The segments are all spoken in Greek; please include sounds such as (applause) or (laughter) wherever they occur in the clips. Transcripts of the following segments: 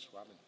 schwammen.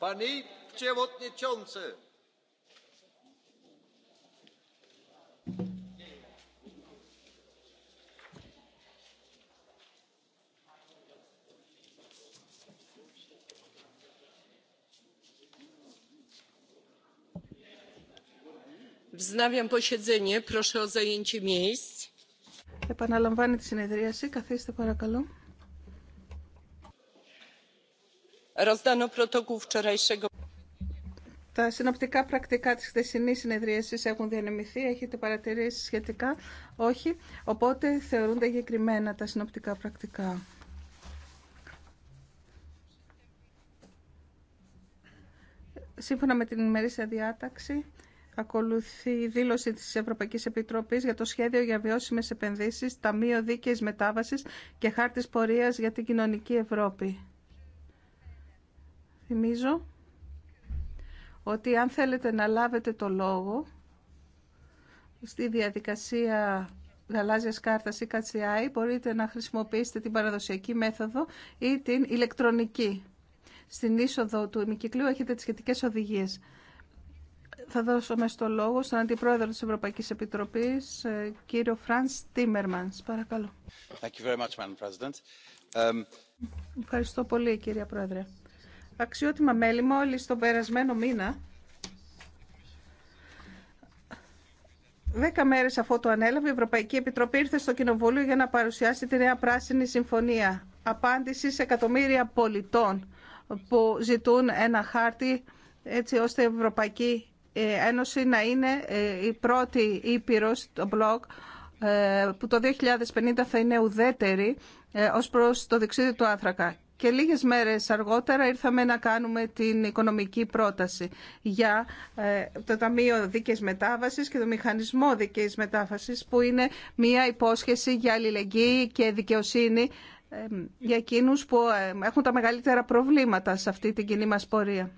Pani przewodniczący! Wznawiam posiedzenie. Proszę o zajęcie miejsc. Επαναλαμβάνει τη συνεδρίαση. Καθίστε παρακαλώ. Τα συνοπτικά πρακτικά της χθεσινής συνεδρίασης έχουν διανεμηθεί. Έχετε παρατηρήσει σχετικά. Όχι. Οπότε θεωρούνται εγκεκριμένα τα συνοπτικά πρακτικά. Σύμφωνα με την ημερήσια διάταξη, ακολουθεί η δήλωση της Ευρωπαϊκής Επιτροπής για το σχέδιο για βιώσιμες επενδύσεις, Ταμείο Δίκαιης Μετάβασης και Χάρτης Πορείας για την Κοινωνική Ευρώπη. Θυμίζω ότι αν θέλετε να λάβετε το λόγο στη διαδικασία γαλάζια κάρτα ή κατσιάι, μπορείτε να χρησιμοποιήσετε την παραδοσιακή μέθοδο ή την ηλεκτρονική. Στην είσοδο του ημικυκλίου έχετε τι σχετικέ οδηγίε. Θα δώσω μέσα το λόγο στον Αντιπρόεδρο της Ευρωπαϊκής Επιτροπής, ε, κύριο Φρανς Τίμερμανς. Παρακαλώ. Ευχαριστώ πολύ, κύριε Πρόεδρε αξιότιμα μέλη, μόλι τον περασμένο μήνα, δέκα μέρες αφού το ανέλαβε, η Ευρωπαϊκή Επιτροπή ήρθε στο Κοινοβούλιο για να παρουσιάσει τη νέα πράσινη συμφωνία. Απάντηση σε εκατομμύρια πολιτών που ζητούν ένα χάρτη έτσι ώστε η Ευρωπαϊκή ε, Ένωση να είναι ε, η πρώτη ήπειρο στο μπλοκ ε, που το 2050 θα είναι ουδέτερη ως προς το δεξίδι του άνθρακα και λίγες μέρες αργότερα ήρθαμε να κάνουμε την οικονομική πρόταση για ε, το Ταμείο Δίκαιης Μετάβασης και το Μηχανισμό Δίκαιης Μετάβασης που είναι μια υπόσχεση για αλληλεγγύη και δικαιοσύνη ε, για εκείνους που ε, έχουν τα μεγαλύτερα προβλήματα σε αυτή την κοινή μας πορεία.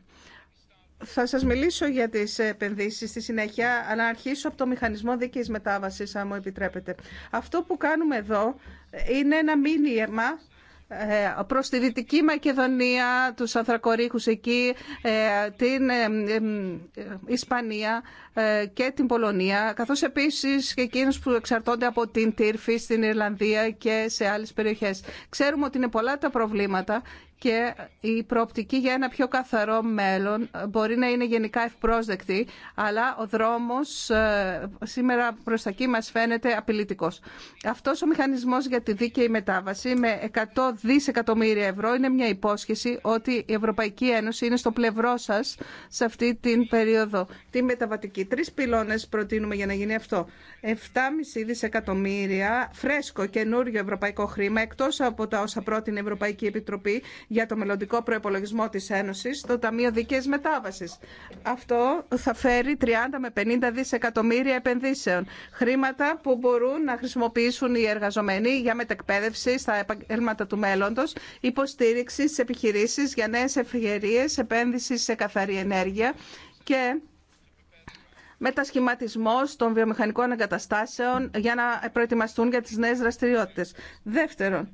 Θα σας μιλήσω για τις επενδύσεις στη συνέχεια, αλλά αρχίσω από το μηχανισμό δίκαιης μετάβασης, αν μου επιτρέπετε. Αυτό που κάνουμε εδώ είναι ένα μήνυμα ε, προς τη Δυτική Μακεδονία, τους ανθρακορίχους εκεί, ε, την ε, Ισπανία και την Πολωνία, καθώς επίσης και εκείνους που εξαρτώνται από την Τύρφη στην Ιρλανδία και σε άλλες περιοχές. Ξέρουμε ότι είναι πολλά τα προβλήματα και η προοπτική για ένα πιο καθαρό μέλλον μπορεί να είναι γενικά ευπρόσδεκτη, αλλά ο δρόμος ε, σήμερα προς τα εκεί μας φαίνεται απειλητικός. Αυτός ο μηχανισμός για τη δίκαιη μετάβαση με 100 δισεκατομμύρια ευρώ είναι μια υπόσχεση ότι η Ευρωπαϊκή Ένωση είναι στο πλευρό σας σε αυτή την περίοδο, τη μεταβατική. Τρεις πυλώνες προτείνουμε για να γίνει αυτό. 7,5 δισεκατομμύρια φρέσκο καινούριο ευρωπαϊκό χρήμα, εκτός από τα όσα πρότεινε η Ευρωπαϊκή Επιτροπή, για το μελλοντικό προπολογισμό τη Ένωση, το Ταμείο δίκαιε μετάβαση. Αυτό θα φέρει 30 με 50 δισεκατομμύρια επενδύσεων. Χρήματα που μπορούν να χρησιμοποιήσουν οι εργαζομένοι για μετεκπαίδευση στα επαγγέλματα του μέλλοντο, υποστήριξη στι επιχειρήσεις για νέε ευκαιρίε επένδυση σε καθαρή ενέργεια και μετασχηματισμό των βιομηχανικών εγκαταστάσεων για να προετοιμαστούν για τις νέες δραστηριότητε. Δεύτερον,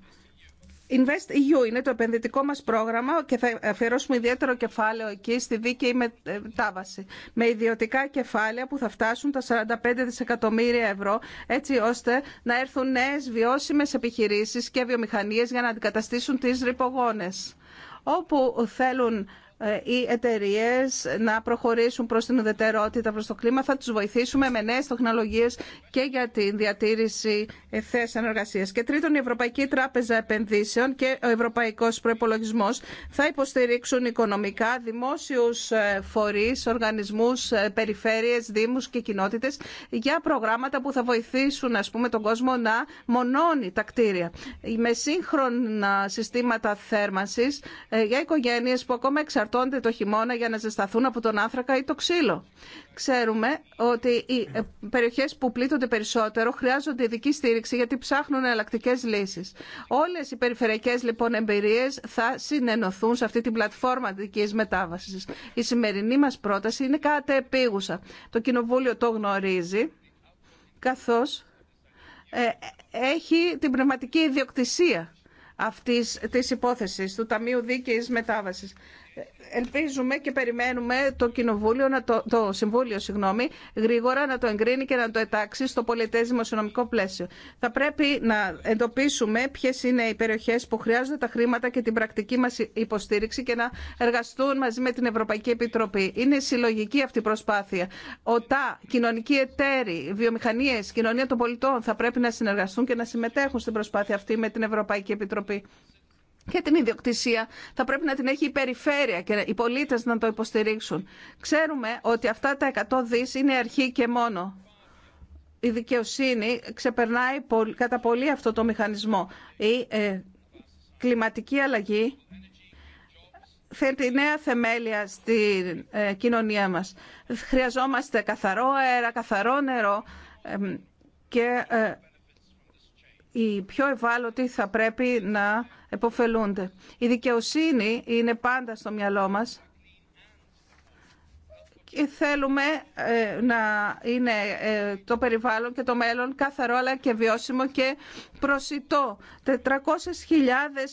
Invest EU είναι το επενδυτικό μας πρόγραμμα και θα αφιερώσουμε ιδιαίτερο κεφάλαιο εκεί στη δίκαιη μετάβαση με ιδιωτικά κεφάλαια που θα φτάσουν τα 45 δισεκατομμύρια ευρώ έτσι ώστε να έρθουν νέες βιώσιμες επιχειρήσεις και βιομηχανίες για να αντικαταστήσουν τις ρηπογόνες. Όπου θέλουν ε, οι εταιρείε να προχωρήσουν προ την ουδετερότητα, προ το κλίμα. Θα του βοηθήσουμε με νέε τεχνολογίε και για τη διατήρηση ε, θέσεων εργασία. Και τρίτον, η Ευρωπαϊκή Τράπεζα Επενδύσεων και ο Ευρωπαϊκό Προπολογισμό θα υποστηρίξουν οικονομικά δημόσιου ε, φορεί, οργανισμούς, περιφέρειες, δήμους και κοινότητε, για προγράμματα που θα βοηθήσουν ας πούμε, τον κόσμο να μονώνει τα κτίρια. Με σύγχρονα συστήματα θέρμανση για οικογένειε που ακόμα εξαρτώνται το χειμώνα για να ζεσταθούν από τον άνθρακα ή το ξύλο. Ξέρουμε ότι οι ε, περιοχές που πλήττονται περισσότερο χρειάζονται ειδική στήριξη γιατί ψάχνουν εναλλακτικέ λύσεις. Όλες οι περιφερειακές λοιπόν εμπειρίες θα συνενωθούν σε αυτή την πλατφόρμα δικής μετάβασης. Η σημερινή μας πρόταση είναι κατεπίγουσα. Το Κοινοβούλιο το γνωρίζει καθώς ε, ε, έχει την πλατφορμα δική μετάβαση. η σημερινη μας προταση ειναι επιγουσα ιδιοκτησία αυτής της υπόθεσης του Ταμείου Δίκαιης Μετάβασης. Ελπίζουμε και περιμένουμε το, κοινοβούλιο, να το, το Συμβούλιο συγγνώμη, γρήγορα να το εγκρίνει και να το ετάξει στο πολιτές δημοσιονομικό πλαίσιο. Θα πρέπει να εντοπίσουμε ποιε είναι οι περιοχές που χρειάζονται τα χρήματα και την πρακτική μας υποστήριξη και να εργαστούν μαζί με την Ευρωπαϊκή Επιτροπή. Είναι συλλογική αυτή η προσπάθεια. ΟΤΑ, κοινωνικοί εταίροι, βιομηχανίες, κοινωνία των πολιτών θα πρέπει να συνεργαστούν και να συμμετέχουν στην προσπάθεια αυτή με την Ευρωπαϊκή Επιτροπή. Και την ιδιοκτησία θα πρέπει να την έχει η περιφέρεια και οι πολίτες να το υποστηρίξουν. Ξέρουμε ότι αυτά τα 100 δις είναι αρχή και μόνο. Η δικαιοσύνη ξεπερνάει κατά πολύ αυτό το μηχανισμό. Η ε, κλιματική αλλαγή θέτει νέα θεμέλια στην ε, κοινωνία μας. Χρειαζόμαστε καθαρό αέρα, καθαρό νερό και ε, οι πιο ευάλωτοι θα πρέπει να επωφελούνται. Η δικαιοσύνη είναι πάντα στο μυαλό μας ε, θέλουμε ε, να είναι ε, το περιβάλλον και το μέλλον καθαρό αλλά και βιώσιμο και προσιτό. 400.000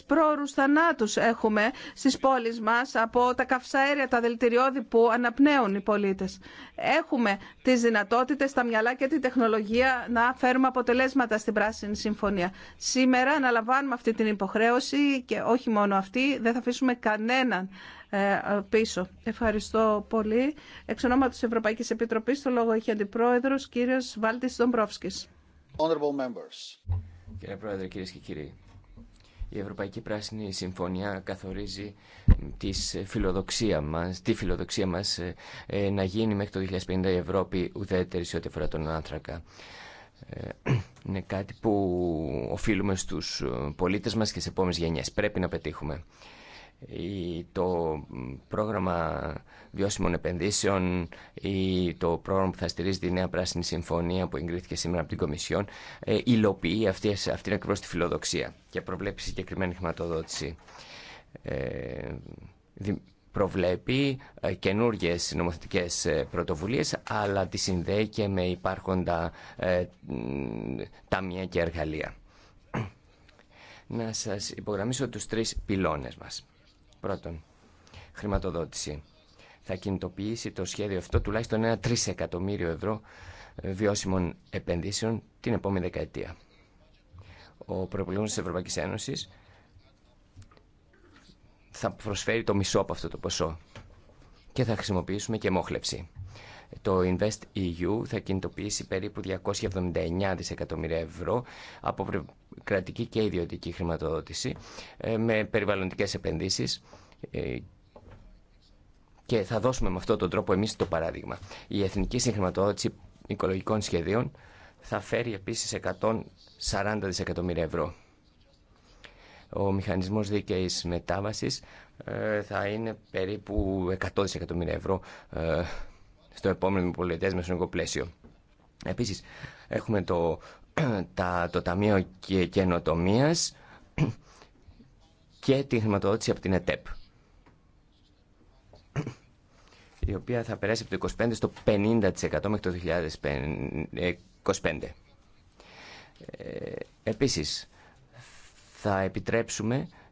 πρόωρους θανάτους έχουμε στις πόλεις μας από τα καυσαέρια, τα δελτηριώδη που αναπνέουν οι πολίτες. Έχουμε τις δυνατότητες, τα μυαλά και τη τεχνολογία να φέρουμε αποτελέσματα στην Πράσινη Συμφωνία. Σήμερα αναλαμβάνουμε αυτή την υποχρέωση και όχι μόνο αυτή, δεν θα αφήσουμε κανέναν ε, πίσω. Ευχαριστώ πολύ. Εξ ονόματος Ευρωπαϊκής Επιτροπής, το λόγο έχει αντιπρόεδρος κύριος Βάλτης Δομπρόφσκης. Κύριε Πρόεδρε, κυρίε και κύριοι, η Ευρωπαϊκή Πράσινη Συμφωνία καθορίζει τις φιλοδοξία μας, τη φιλοδοξία μας ε, ε, να γίνει μέχρι το 2050 η Ευρώπη ουδέτερη σε ό,τι αφορά τον άνθρακα. είναι κάτι που οφείλουμε στους πολίτες μας και σε επόμενες γενιές. Πρέπει να πετύχουμε το πρόγραμμα βιώσιμων επενδύσεων ή το πρόγραμμα που θα στηρίζει τη Νέα Πράσινη Συμφωνία που εγκρίθηκε σήμερα από την Κομισιόν ε, υλοποιεί αυτή, αυτή ακριβώς τη φιλοδοξία και προβλέπει συγκεκριμένη χρηματοδότηση. Ε, προβλέπει ε, καινούργιες νομοθετικές ε, πρωτοβουλίες αλλά τη συνδέει και με υπάρχοντα ε, ταμεία και εργαλεία. Να σας υπογραμμίσω τους τρεις πυλώνες μας. Πρώτον, χρηματοδότηση. Θα κινητοποιήσει το σχέδιο αυτό τουλάχιστον ένα 3 ευρώ ε, βιώσιμων επενδύσεων την επόμενη δεκαετία. Ο προπολογισμό τη Ευρωπαϊκή Ένωση θα προσφέρει το μισό από αυτό το ποσό και θα χρησιμοποιήσουμε και μόχλευση. Το Invest EU θα κινητοποιήσει περίπου 279 δισεκατομμύρια ευρώ από κρατική και ιδιωτική χρηματοδότηση ε, με περιβαλλοντικές επενδύσεις ε, και θα δώσουμε με αυτόν τον τρόπο εμείς το παράδειγμα. Η Εθνική Συγχρηματοδότηση Οικολογικών Σχεδίων θα φέρει επίσης 140 δισεκατομμύρια ευρώ. Ο μηχανισμός δίκαιης μετάβασης ε, θα είναι περίπου 100 δισεκατομμύρια ευρώ στο επόμενο πολιτές μεσονικό πλαίσιο. Επίσης, έχουμε το (clears throat) το Ταμείο Καινοτομία και τη χρηματοδότηση από την ΕΤΕΠ η οποία θα περάσει από το 25% στο 50% μέχρι το 2025. Ε, επίσης, θα επιτρέψουμε